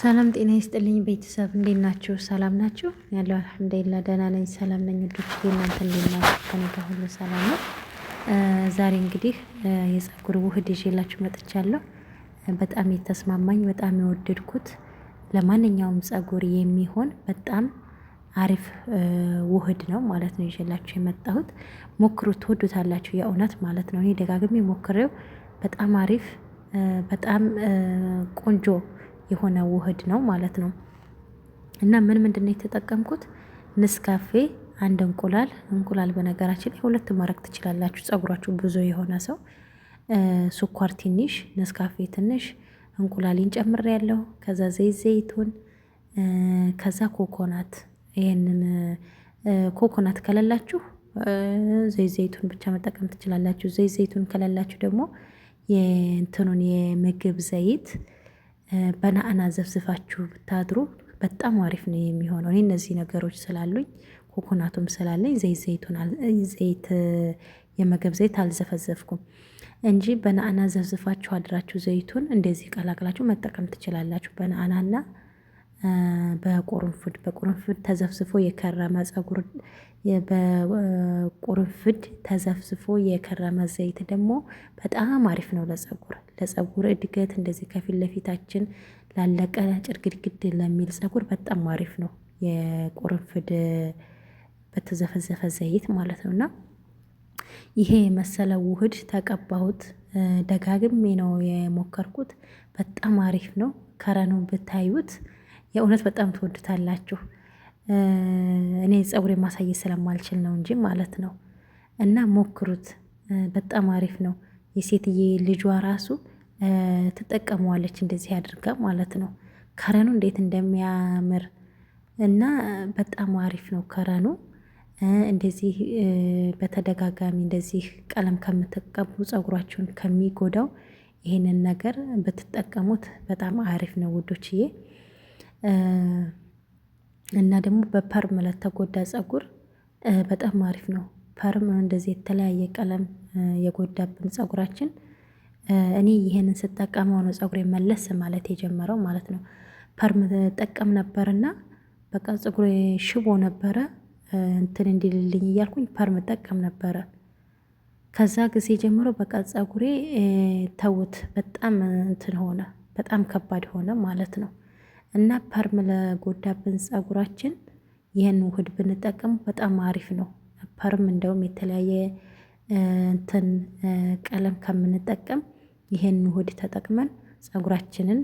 ሰላም ጤና ይስጥልኝ ቤተሰብ፣ እንዴት ናችሁ? ሰላም ናችሁ? ያለው አልሐምዱሊላ ደህና ነኝ፣ ሰላም ነኝ። ውዶች እናንተ እንዴት ናችሁ? ጋር ሁሉ ሰላም ነው። ዛሬ እንግዲህ የፀጉር ውህድ ይዤላችሁ መጥቻለሁ። በጣም የተስማማኝ በጣም የወደድኩት ለማንኛውም ፀጉር የሚሆን በጣም አሪፍ ውህድ ነው ማለት ነው ይዤላችሁ የመጣሁት። ሞክሩ፣ ትወዱታላችሁ የእውነት ማለት ነው። እኔ ደጋግሜ ሞክሬው በጣም አሪፍ በጣም ቆንጆ የሆነ ውህድ ነው ማለት ነው። እና ምን ምንድን ነው የተጠቀምኩት? ንስካፌ አንድ እንቁላል እንቁላል በነገራችን ላይ ሁለት ማድረግ ትችላላችሁ። ጸጉራችሁ ብዙ የሆነ ሰው ስኳር ትንሽ፣ ንስካፌ ትንሽ፣ እንቁላሊን ጨምር ያለው ከዛ ዘይት ዘይቱን፣ ከዛ ኮኮናት። ይህንን ኮኮናት ከሌላችሁ ዘይት ዘይቱን ብቻ መጠቀም ትችላላችሁ። ዘይት ዘይቱን ከሌላችሁ ደግሞ የእንትኑን የምግብ ዘይት በናአና ዘፍዝፋችሁ ብታድሩ በጣም አሪፍ ነው የሚሆነው። እኔ እነዚህ ነገሮች ስላሉኝ ኮኮናቱም ስላለኝ ዘይት ዘይቱን ዘይት የምግብ ዘይት አልዘፈዘፍኩም እንጂ በነአና ዘፍዝፋችሁ አድራችሁ ዘይቱን እንደዚህ ቀላቅላችሁ መጠቀም ትችላላችሁ። በነአናና በቁርንፍድ በቁርንፍድ ተዘፍዝፎ የከረመ ጸጉር በቁርንፍድ ተዘፍዝፎ የከረመ ዘይት ደግሞ በጣም አሪፍ ነው ለፀጉር ለፀጉር እድገት እንደዚህ ከፊት ለፊታችን ላለቀ ጭርግድግድ ለሚል ጸጉር በጣም አሪፍ ነው የቁርንፍድ በተዘፈዘፈ ዘይት ማለት ነው እና ይሄ የመሰለ ውህድ ተቀባሁት። ደጋግሜ ነው የሞከርኩት። በጣም አሪፍ ነው። ከረኑን ብታዩት የእውነት በጣም ትወዱታላችሁ። እኔ ፀጉሬ ማሳየት ስለማልችል ነው እንጂ ማለት ነው። እና ሞክሩት፣ በጣም አሪፍ ነው። የሴትዬ ልጇ ራሱ ትጠቀመዋለች እንደዚህ አድርጋ ማለት ነው። ከረኑ እንዴት እንደሚያምር እና በጣም አሪፍ ነው ከረኑ። እንደዚህ በተደጋጋሚ እንደዚህ ቀለም ከምትቀቡ ፀጉራችሁን ከሚጎዳው ይህንን ነገር ብትጠቀሙት በጣም አሪፍ ነው ውዶችዬ። እና ደግሞ በፐርም ለተጎዳ ፀጉር በጣም አሪፍ ነው። ፐርም እንደዚህ የተለያየ ቀለም የጎዳብን ፀጉራችን እኔ ይሄንን ስጠቀመው ነው ፀጉሬን መለስ ማለት የጀመረው ማለት ነው። ፐርም ጠቀም ነበርና በቃ ፀጉሬ ሽቦ ነበረ እንትን እንዲልልኝ እያልኩኝ ፐርም ጠቀም ነበረ። ከዛ ጊዜ ጀምሮ በቃ ፀጉሬ ተውት በጣም እንትን ሆነ በጣም ከባድ ሆነ ማለት ነው እና ፐርም ለጎዳብን ፀጉራችን ይህን ውህድ ብንጠቀም በጣም አሪፍ ነው። ፐርም እንደውም የተለያየ እንትን ቀለም ከምንጠቀም ይህን ውህድ ተጠቅመን ፀጉራችንን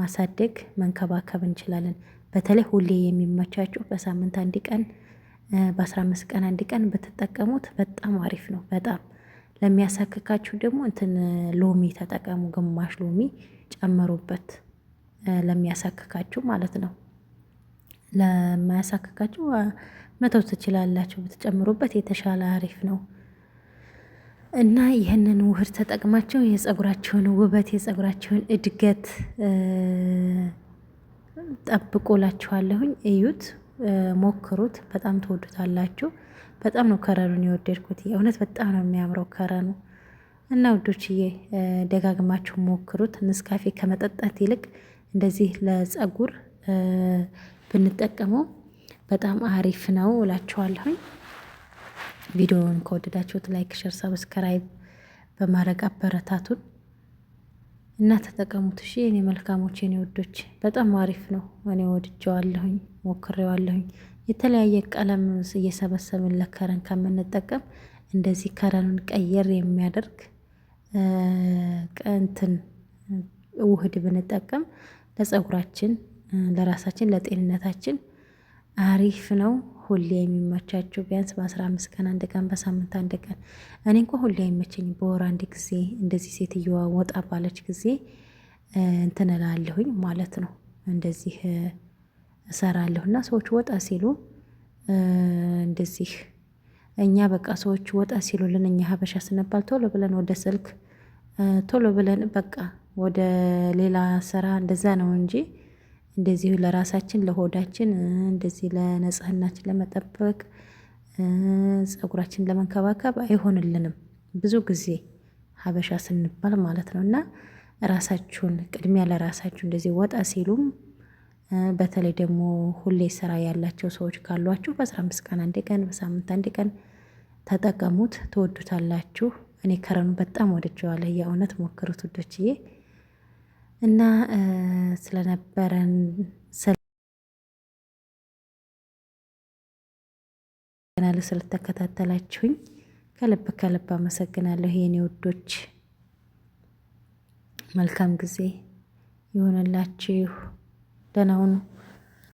ማሳደግ መንከባከብ እንችላለን። በተለይ ሁሌ የሚመቻችሁ በሳምንት አንድ ቀን በአስራ አምስት ቀን አንድ ቀን ብትጠቀሙት በጣም አሪፍ ነው። በጣም ለሚያሳክካችሁ ደግሞ እንትን ሎሚ ተጠቀሙ ግማሽ ሎሚ ጨምሩበት ለሚያሳክካችሁ ማለት ነው። ለማያሳክካችሁ መተው ትችላላችሁ፣ ብትጨምሩበት የተሻለ አሪፍ ነው እና ይህንን ውህድ ተጠቅማቸው የጸጉራቸውን ውበት የጸጉራቸውን እድገት ጠብቆላችኋለሁኝ። እዩት፣ ሞክሩት፣ በጣም ትወዱታላችሁ። በጣም ነው ከረኑን የወደድኩት፣ የእውነት በጣም ነው የሚያምረው ከረኑ እና ውዶችዬ፣ ደጋግማችሁ ሞክሩት። ንስካፌ ከመጠጣት ይልቅ እንደዚህ ለፀጉር ብንጠቀመው በጣም አሪፍ ነው እላችኋለሁኝ። ቪዲዮውን ከወደዳችሁት ላይክ፣ ሸር፣ ሰብስክራይብ በማድረግ አበረታቱን እና ተጠቀሙት። እሺ እኔ መልካሞች፣ የኔ ወዶች በጣም አሪፍ ነው። እኔ ወድጀዋለሁኝ፣ ሞክሬዋለሁኝ። የተለያየ ቀለም እየሰበሰብን ለከረን ከምንጠቀም እንደዚህ ከረኑን ቀየር የሚያደርግ ቀንትን ውህድ ብንጠቀም ለፀጉራችን፣ ለራሳችን፣ ለጤንነታችን አሪፍ ነው። ሁሌ የሚመቻቸው ቢያንስ በአስራ አምስት ቀን አንድ ቀን፣ በሳምንት አንድ ቀን። እኔ እንኳ ሁሌ አይመቸኝ፣ በወር አንድ ጊዜ እንደዚህ ሴትየዋ ወጣ ባለች ጊዜ እንትን እላለሁኝ ማለት ነው። እንደዚህ እሰራለሁ እና ሰዎች ወጣ ሲሉ እንደዚህ እኛ በቃ ሰዎች ወጣ ሲሉልን እኛ ሀበሻ ስንባል ቶሎ ብለን ወደ ስልክ ቶሎ ብለን በቃ ወደ ሌላ ስራ እንደዛ ነው እንጂ እንደዚሁ ለራሳችን ለሆዳችን እንደዚህ ለንጽህናችን ለመጠበቅ ጸጉራችን ለመንከባከብ አይሆንልንም። ብዙ ጊዜ ሀበሻ ስንባል ማለት ነው። እና ራሳችሁን ቅድሚያ ለራሳችሁ እንደዚህ ወጣ ሲሉም በተለይ ደግሞ ሁሌ ስራ ያላቸው ሰዎች ካሏችሁ በአስራ አምስት ቀን አንድ ቀን በሳምንት አንድ ቀን ተጠቀሙት፣ ትወዱታላችሁ። እኔ ከረኑ በጣም ወድጀዋለሁ። የእውነት ሞክሩት ውዶችዬ። እና ስለነበረን ስለተከታተላችሁኝ ከልብ ከልብ አመሰግናለሁ የኔ ውዶች። መልካም ጊዜ ይሁንላችሁ። ደህና ሁኑ።